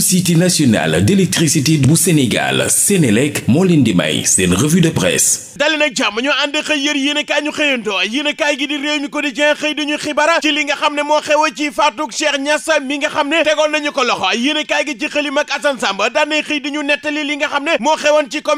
société nationale d'électricité bu Sénégal Sénélec moo leen di may seen revue de presse dali nag jàmm ñoo ànd xëy yër yéenekaay ñu xëyantoo yéenekaay gi di réew mi quotidien xëy duñu xibaar ci li nga xam ne moo xew ci faatug Cheikh Niass mi nga xam ne tegoon nañu ko loxo yéenekaay gi ci xëlim ak Assane Samba daanay xëy di ñu nettali li nga xam ne moo xewoon xew sa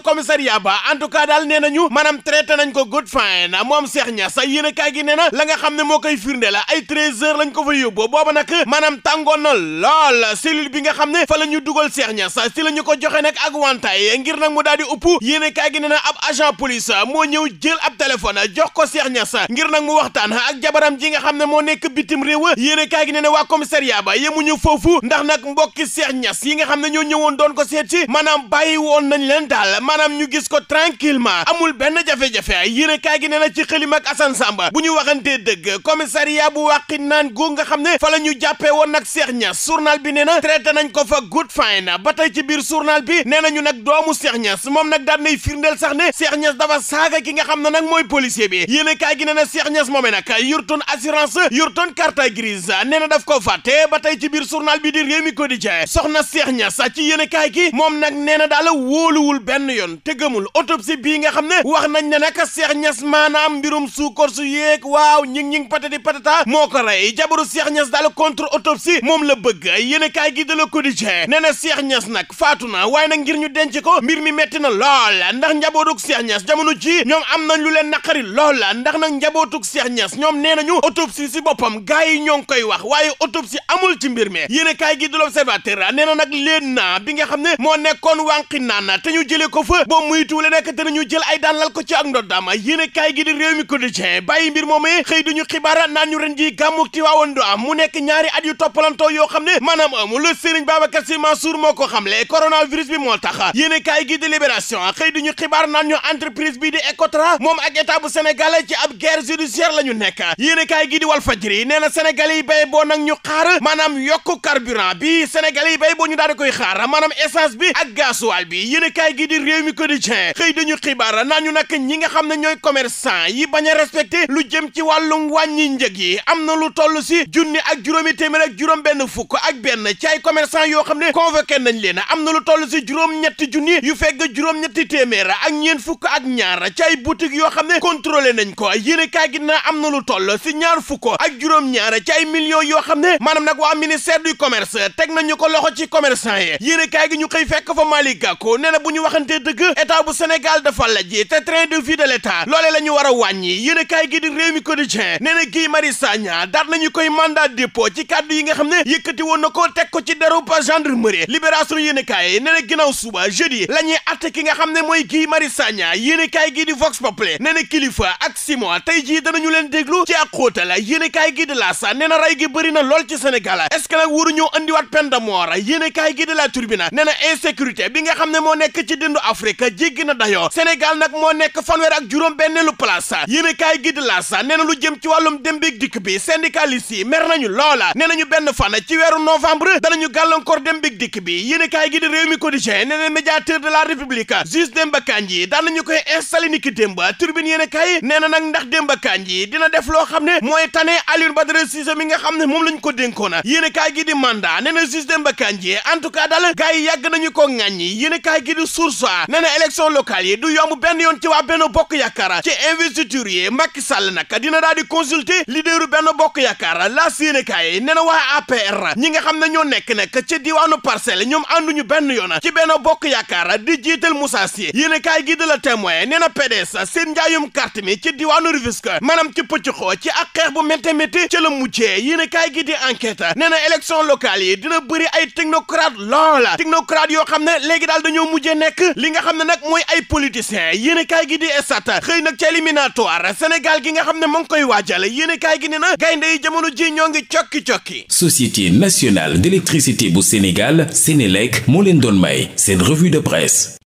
commissariat ba en tout cas nañu maanaam traité nañ ko good fine moom Cheikh Niass yéenekaay kaay gi na la nga xam ne moo koy firnde la ay treize heures lañ ko fa yóbboo booba nag maanaam tàngoon na lool cellule bi nga xam ne fa la ñu dugal Cheikh Niass si la ñu ko joxe nag ak wantaay ngir nag mu daal di upp yéen kaay gi nee na ab agent police moo ñëw jël ab téléphone jox ko Cheikh Niass ngir nag mu waxtaan ak jabaram ji nga xam ne moo nekk bitim réew yéen kaay gi nee na waa commissariat ba yemuñu foofu ndax nag mbokki Cheikh Niass yi nga xam ne ñoo ñëwoon doon ko seet si maanaam bàyyi woon nañ leen daal maanaam ñu gis ko tranquillement amul benn jafe-jafe yéen kaay na ci xëlim ak bu ñu waxantee dëgg commissariat bu wàqi naan goo nga xam ne fa la ñu jàppee woon nag seex Niass journal bi nee na traité nañ ko fa good fine ba tey ci biir journal bi nee nañu nag doomu Cheikh Niass moom nag daan nay firndeel sax ne Cheikh Niass dafa saaga ki nga xam ne nag mooy policier bi yéene kaay gi nee na Cheikh Niass moomee nag yurtoon assurance yurtoon carte grise nee na daf ko fàtte ba tey ci biir journal bi di Rewmi Quotidien soxna Cheikh Niass ci yéene kaay gi moom nag nee na daala wóoluwul benn yoon te gëmul autopsie bii nga xam ne wax nañ ne nag Cheikh Niass maanaam mbirum suukar su yeeg waaw ñing ñing patati patata moo ko rey jabaru Cheikh Niass daal contre autopsie moom la bëgg yéen a kaay gi de ko Quotidien nee na Cheikh ñas nag faatu na waaye na ngir ñu denc ko mbir mi metti na lool ndax njabootug Cheikh Niass jamono ji ñoom am nañ lu leen naqari lool ndax nag njabootug Cheikh Niass ñoom nee nañu autopsie si boppam gars yi ñoo ngi koy wax waaye autopsie amul ci mbir mi yéen a kaay gi de l'Observateur nee na nag leen na bi nga xam ne moo nekkoon wànqi naan te ñu jëlee ko fa boo muytuwule nekk te ñu jël ay daan ci ak ndoddama yéen gi di réew bàyyi mbir moomee xëy duñu xibaara naan ñu ren ji gàmmuk Tiwaawoon du am mu nekk ñaari at yu toppalantoo yoo xam ne maanaam amul Serigne Babacar Sy Mansour moo ko xamle coronavirus bi moo tax yéene kaay gi di libération xëy duñu xibaar naan ñu entreprise bi di Ecotra moom ak état bu Sénégal ci ab guerre judiciaire la ñu nekk yéene kaay gi di Walf Fadjri nee na Sénégalais yi bay boo nag ñu xaar maanaam yokk carburant bi Sénégalais yi bay boo ñu daal di koy xaar maanaam essence bi ak gasoil bi yéene kaay gi di réew xëy duñu xibaar naan ñu nag ñi nga xam ne ñooy commerçant yi bañ a respecté lu jëm ci wàllum wàññi njëg yi am na lu toll si junni ak juróomi téeméer ak juróom benn fukk ak benn ci ay commerçant yoo xam ne convoqué nañ leen am na lu toll si juróom-ñetti junni yu fegg juróom-ñetti téeméer ak ñeent fukk ak ñaar ci ay boutique yoo xam ne contrôlé nañ ko yéene kaay gi na am na lu toll si ñaar fukk ak juróom-ñaar ci ay millions yoo xam ne maanaam nag waa ministère du commerce teg nañu ko loxo ci commerçant yi yéene kaay gi ñu xëy fekk fa Malick Gakou nee na bu ñu waxantee dëgg état bu Sénégal dafa la ji te train de vie de l'état la ñu war a wàññi yéene gi di Rewmi Quotidien nee na Guy Marius Sagna daat nañu koy mandat dépôt ci kàddu yi nga xam ne yëkkati woon na ko teg ko ci derub gendarmerie libération yéenekaay nee na ginnaaw suba jeudi la ñuy atte ki nga xam ne mooy Guy Marius Sagna yéenekaay gi di Vox Populi nee kilifa Kilifeu ak Simon tey jii dana ñu leen déglu ci ak xóotal yéenekaay gi di L'As nee na rey gi bëri na lool ci Sénégal est-ce que nag waruñu andiwaat peine de mort yéenekaay gi di La Tribune nee na insécurité bi nga xam ne moo nekk ci dëndu Afrique jéggi na dayoo Sénégal nag moo nekk fanweer ak juróom benneelu place yéenekaay gi la las nee na lu jëm ci wàllum dem beeg dikk bi syndicaliste yi mer nañu loola nee nañu benn fan ci weeru novembre danañu gàllankoor dem beeg dikk bi yéen kaay gi di réew mi quotidien nee na de la république juge Demba Kandji daan nañu koy installé niki Demba turbine yéen kaay nee na nag ndax Demba Kandji dina def loo xam ne mooy tane Alioune Badara Cissé nga xam ne moom lañ ko dénkoona yéen kaay gi di mandat nee na juge Demba Kandji en tout cas daal gars yi ko Sall nag dina daal di consulter leaderu benn bokk yaakaar la séenekaay nee na waa APR ñi nga xam ne ñoo nekk nag ca diwaanu parcelle ñoom ñu benn yoon ci benn bokk yaakaar di jiital Moussa Sy yéenekaay gi de la témoin nee na PDS seen njaayum carte mi ci diwaanu Rufisque maanaam ci pëccxoo ci ak xeex bu métte métti ca la mujjee yéenekaay gi di enquête nee na élection locale yi dina bëri ay technocrate lool technocrate yoo xam ne léegi daal dañoo mujjee nekk li nga xam ne nag mooy ay politiciens yéenekaay gi di estat xëy nag ci éliminatoire Sénégal gi nga xam ne mu ngi koy waajale yéene kaay gi ne na gaynde yi jamono ji ñoo ngi cokki-cokki société nationale d'électricité bu Sénégal Sénélec moo leen doon may seen revue de presse